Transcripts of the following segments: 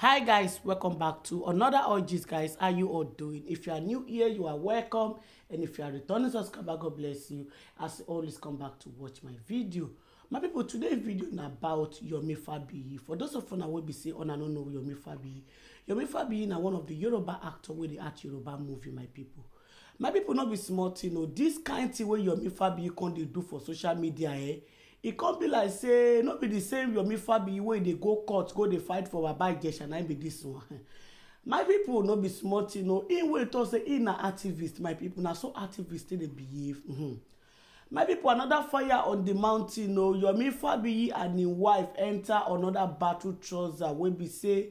hi guys welcome back to another orgies guys how you all doing if you are new here you are welcome and if you are returning subscriber god bless you as always come back to watch my video my people today video na about Yomi Fabi. for those of una wey be say una no know Yomi Fabi, Yomi Fabi na one of the Yoruba actor wey dey act Yoruba movie my people my people no be small thing o oh. this kind thing wey Yomi Fabi come dey do for social media eh e come be like say no be the same yomi Fabi wey dey go court go dey fight for baba ijesha na be this one my people no be small thing o im wey talk say im na activist my people na so activist dey behave mm -hmm. my people another fire on the mountain o yomi Fabi and im wife enter another battle trouser wey be say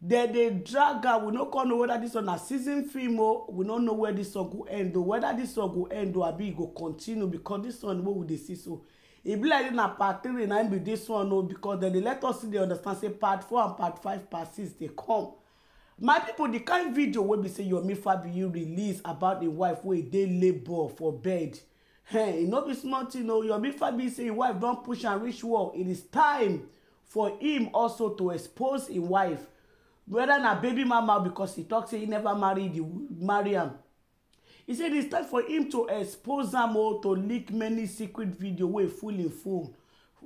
dem dey drag am we no come know whether this one na season film o oh. we no know where this one go end o oh. whether this one go end o oh, abi e go continue because this one wey we dey see so e be like na part three na be this one o because dem dey let us see dey understand say part four and part five part six dey come my pipo di kind video wey be say yomi fabiyi release about im wife wey dey labour for bed hey, eh, e no be small tin o yomi fabiyi say im wife don push am reach wall it is time for him also to expose im wife whether na baby mama because e tok say e never marry am he said it's time for him to expose them all to leak many secret video wey full im phone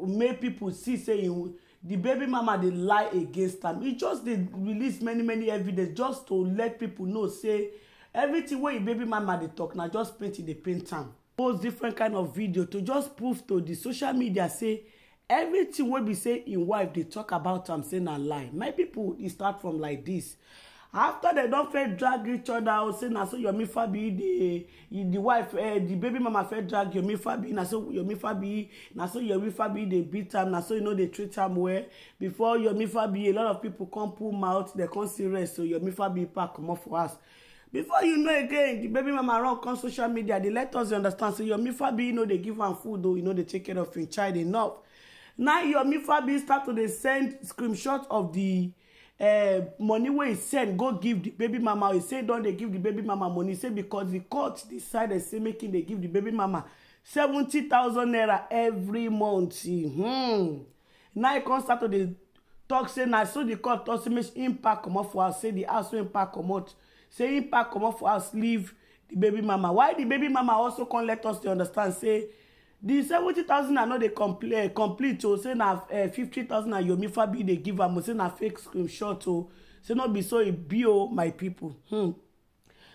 make people see saying the baby mama they lie against am He just did release many many evidence just to let people know say everything where baby mama they talk now just paint in the paint time. post different kind of video to just prove to the social media say everything wey be say in wife they talk about am saying na lie my people e start from like this after they don't first drag each other out say na so yomi fabi the the wife uh, the baby mama first drag yomi fabi na so yomi fabi na so yomi fabi the beat am na so you know, dey treat am well before yomi fabi a lot of people come pull mouth dem come rest. so yomi fabi pack comot for us. before you know again the baby mama run come social media They let us understand say so yomi fabi you know, they give am food though. you know, they take care of im child enough now yomi fabi start to dey send screenshot of the uh, money wey he send go give the baby mama he say don dey give the baby mama money he say because the court decided say make him dey give the baby mama seventy thousand naira every month hmm. now he come start to dey talk say na so the court talk say make him pack comot for house say the house wey him pack comot say him pack comot for house leave the baby mama why the baby mama also come let us dey understand say the seventy thousand i no dey complete eh, complete o say na eh, fifty thousand na yomi fabi dey give am o say na fake screenshot o say no be so e be o my people. hmm.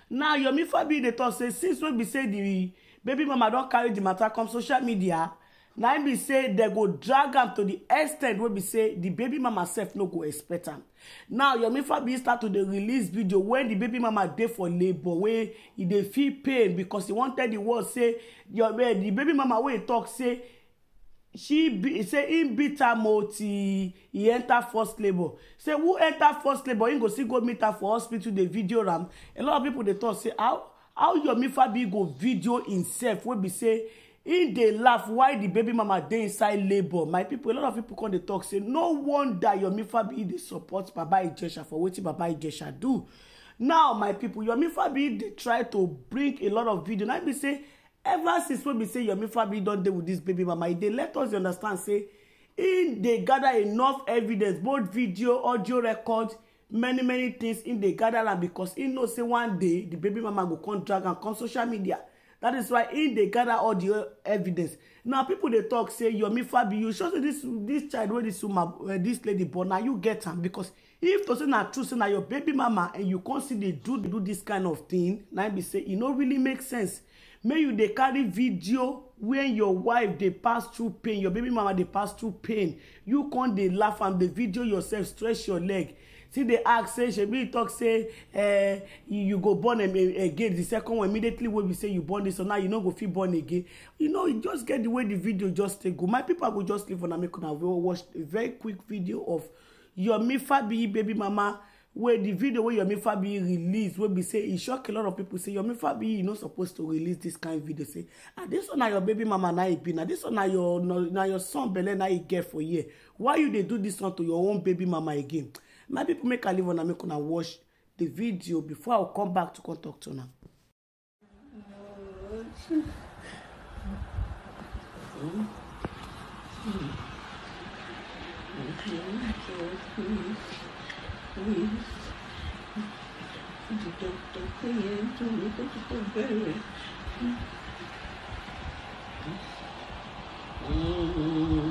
now yomi fabi dey talk say since wey be say the baby mama don carry the matter come social media Now im be say they go drag am to the extent where be say the baby mama self no go expect am now yomi fabi start to the release video when the baby mama dey for labor, where he dey feel pain because he wanted the world say eh, the baby mama wey e tok say she say in bitter am he enter first labor. say who enter first labor? He go see go meet am for hospital the video ram, a lot of people they talk say how how yomi fabi go video himself where be say him dey laugh why the baby mama dey inside labour my people, a lot of people come dey talk. say no wonder yomi Fabi, dey support baba ijesha for wetin baba ijesha do now my pipo yomi Fabi, dey try to bring a lot of video na im e be say ever since wey be say yomi Fabi, don dey with this baby mama e dey let us dey understand say im dey gather enough evidence both video audio records many many things im dey gather am because im know say one day the baby mama go come drag am come social media that is why in they gather all the evidence now people they talk say me, fabi you show this this child wey this woman eh, this lady born Now you get him because if to say na true say na your baby mama and you con still dey do do this kind of thing Now be say it e not really make sense May you they carry video when your wife they pass through pain your baby mama they pass through pain you can't they laugh and the video yourself stretch your leg See they ask say shebi e talk say uh, you, go born eh, again the second one immediately wey be say you born this one now you no go fit born again you know you just get the way the video just take go my people go just leave una make una watch a very quick video of yomi fabiyi baby mama wey the video wey yomi fabiyi release wey be say e shock a lot of people say yomi fabiyi you no suppose to release this kind of video say ah this one na your baby mama na e be na this one na your na, your son belle na e get for here why you dey do this one to your own baby mama again my people make i leave una make una watch the video before i come back to come talk to una. Mm-hmm.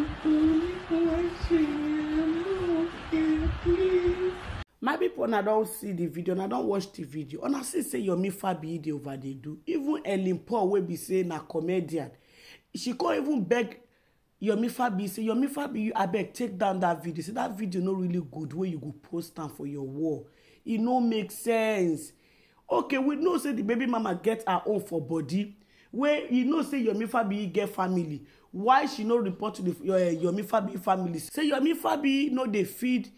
una don see the video una don watch the video una see say yomi fabi dey over dey do even ellen paul wey be say na comedian she con even beg yomi fabi say yomi fabi you abeg take down that video say that video no really good wey you go post am for your wall e no make sense okay we know say the baby mama get her own for body wey you know say yomi fabi get family why she no report to eh, yomi fabi family say yomi fabi no dey feed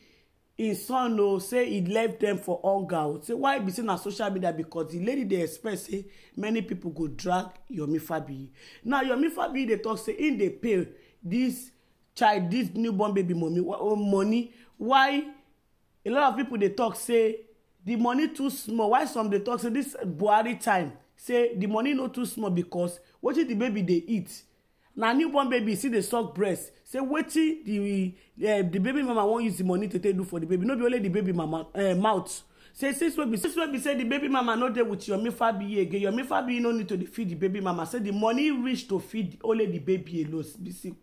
him son o say he left dem for hunger o say why be say na social media because the lady dey expect say many people go drag yomi Fabi. now yomi Fabi dey talk say him dey pay this child this newborn baby money oh, money why a lot of people dey talk say the money too small why some dey talk say this buhari time say the money no too small because wetin the baby dey eat na newborn baby still dey suck breast say wetin the uh, the baby mama wan use the money to take do for the baby no be only the baby mama uh, mouth say since wey be since wey be say the baby mama no dey with yomi fabiyi again yomi fabiyi no need to dey feed the baby mama say the money reach to feed only the baby alone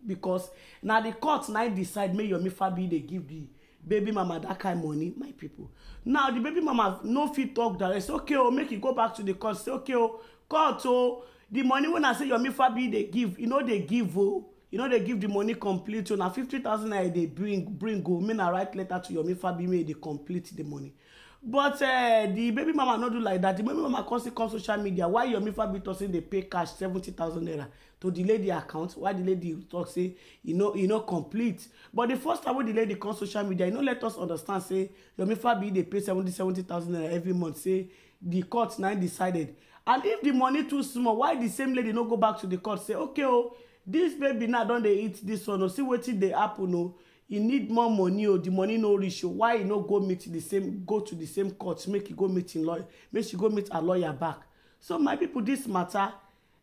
because na the court na decide make yomi fabiyi dey give the baby mama that kind of money my people now the baby mama no fit talk direct say okay o oh, make you go back to the court say okay o oh, court o. Oh, the money when i say yomi fabi they give You know they give Oh, you know they give the money complete o oh. na fifty thousand naira e bring bring go. Oh. make na write letter to yomi fabi make e dey complete the money but uh, the baby mama no do like that the baby mama come still come social media why your mifa be tossing dey pay cash seventy thousand naira to delay the account why the lady talk say you know you know complete but the first time wey the lady come social media you know let us understand say your mifa be dey pay seventy seventy thousand naira every month say the court na decided and if the money too small why the same lady no go back to the court say okay o oh, this baby now don dey eat this one o oh, see wetin dey happen o. Oh e need more money o oh, the money no reach you. why e no go meet the same go to the same court make e go meet im lawyer make she go meet her lawyer back so my people this matter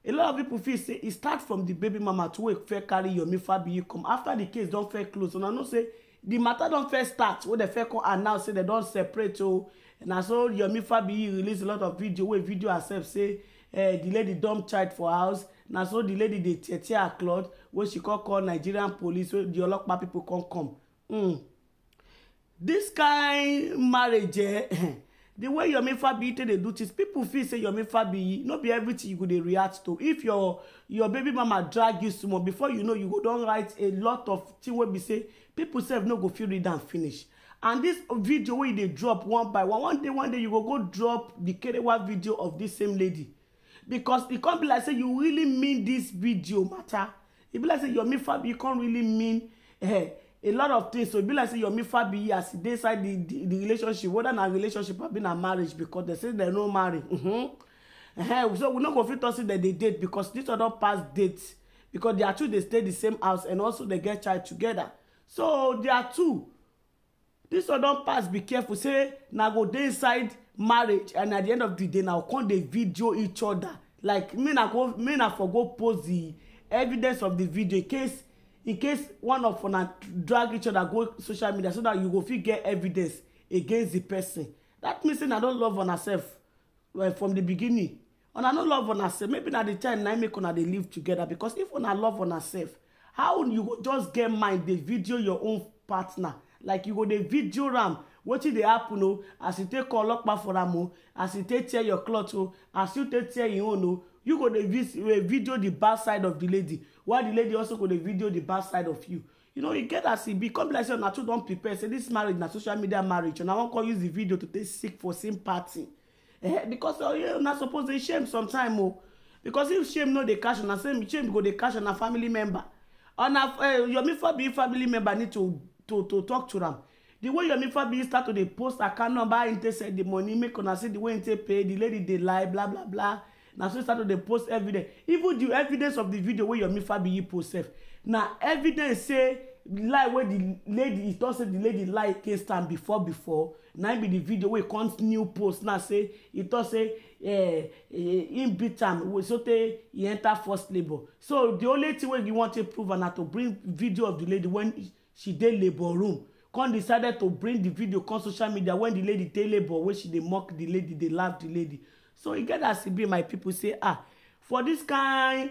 a lot of people feel say e start from the baby mama to wey fair carry your yomi you come after the case don't fair close And I know say the matter don't fair start wey dem fair come announce say they don't separate oh! And o na so yomi fabiyi release a lot of video where video herself say uh, the lady dump child for house na so the lady dey tear tear her cloth wey she call call nigerian police wey di olopa people come come mm. dis kain marriage eh the way yomi fabiyi take dey do things people feel say yomi fabiyi no be everything you go dey react to if your your baby mama drag you small before you know you go don write a lot of thing wey be say people sef no go fit read am finish and this video wey you dey drop one by one one day one day you go go drop the kerewa video of this same lady because it can't be like say you really mean this video matter It be like say me yomi you can't really mean eh, a lot of things so e be like say yomi fabi as e dey inside the, the the relationship whether na relationship have been a marriage because they say they no marry mm -hmm. eh, so we no go fit talk that they date because this one don pass date because are two They stay the same house and also they get child together so they are two This one don pass be careful say na go dey inside marriage and at the end of the day na come dey video each other like me na go me na for go post the evidence of the video in case in case one of una drag each other go social media so that you go fit get evidence against the person that mean say una don love una sef well, from the beginning una no love una sef maybe na the time na make una dey live together because if una love una sef how you go just get mind dey video your own partner like you go dey video am wetin dey happen o as you take call ọlọpàá for am o as you take tear your cloth o as you take tear your own o you go dey eh, video the bad side of the lady while the lady also go dey video the bad side of you you know e get as e be come be like say una two don prepare say this marriage na social media marriage una wan come use the video to take seek for sympathy eh because oh, una suppose dey shame sometime o because if shame no dey catch una shame go dey catch una family member una eh, yomi fabi family member need to to to talk to them, the way your Mifa fabiyi start to the post account number how im take the money make una see the way im pay the lady They lie blah blah blah. Now, so start to the post every day. even the evidence of the video where your Mifa fabiyi post sef Now evidence say lie where the lady e talk say the lady lie against am before before Now be the video where come new post now say it talk say eh, eh, im beat so sotey e enter first label. so the only thing where you want to prove and na to bring video of the lady when she dey labour room Con decided to bring the video come social media when the lady dey labour wey she dey mock the lady dey laugh the lady so e get as e be my people say ah for this kind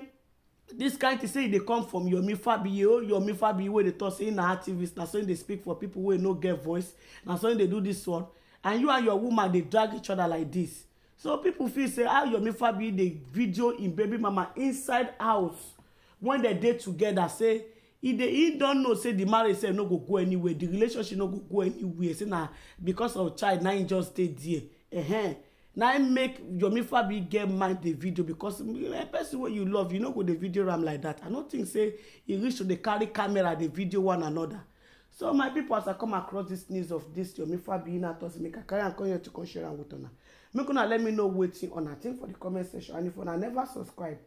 this kind thing say e dey come from yomi fabiye o oh, yomi fabiye wey dey talk say na activist na so e dey speak for people wey no get voice na so e dey do this one and you and your woman dey drag each other like this so people feel say how ah, yomi fabiyi dey video im baby mama inside house when dem dey together say e dey e don know say the marriage sef no go go anywhere the relationship no go go anywhere say na because of child na him just stay there uh -huh. na him make yomi fabi get mind dey video because eh, person wey you love you no go dey video am like that i no think say e reach to dey carry camera dey video one another so my people as i come across this news of this yomi fabi na talk say make i carry am come here to come share am with una make una let me know wetin una think for the comment section and if una never subscribe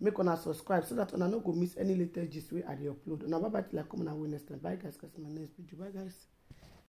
make una subscribe so that una no go miss any latest gist wey i dey upload una bye bye till i come una wey next time bye guys cause my name is biju bye guys.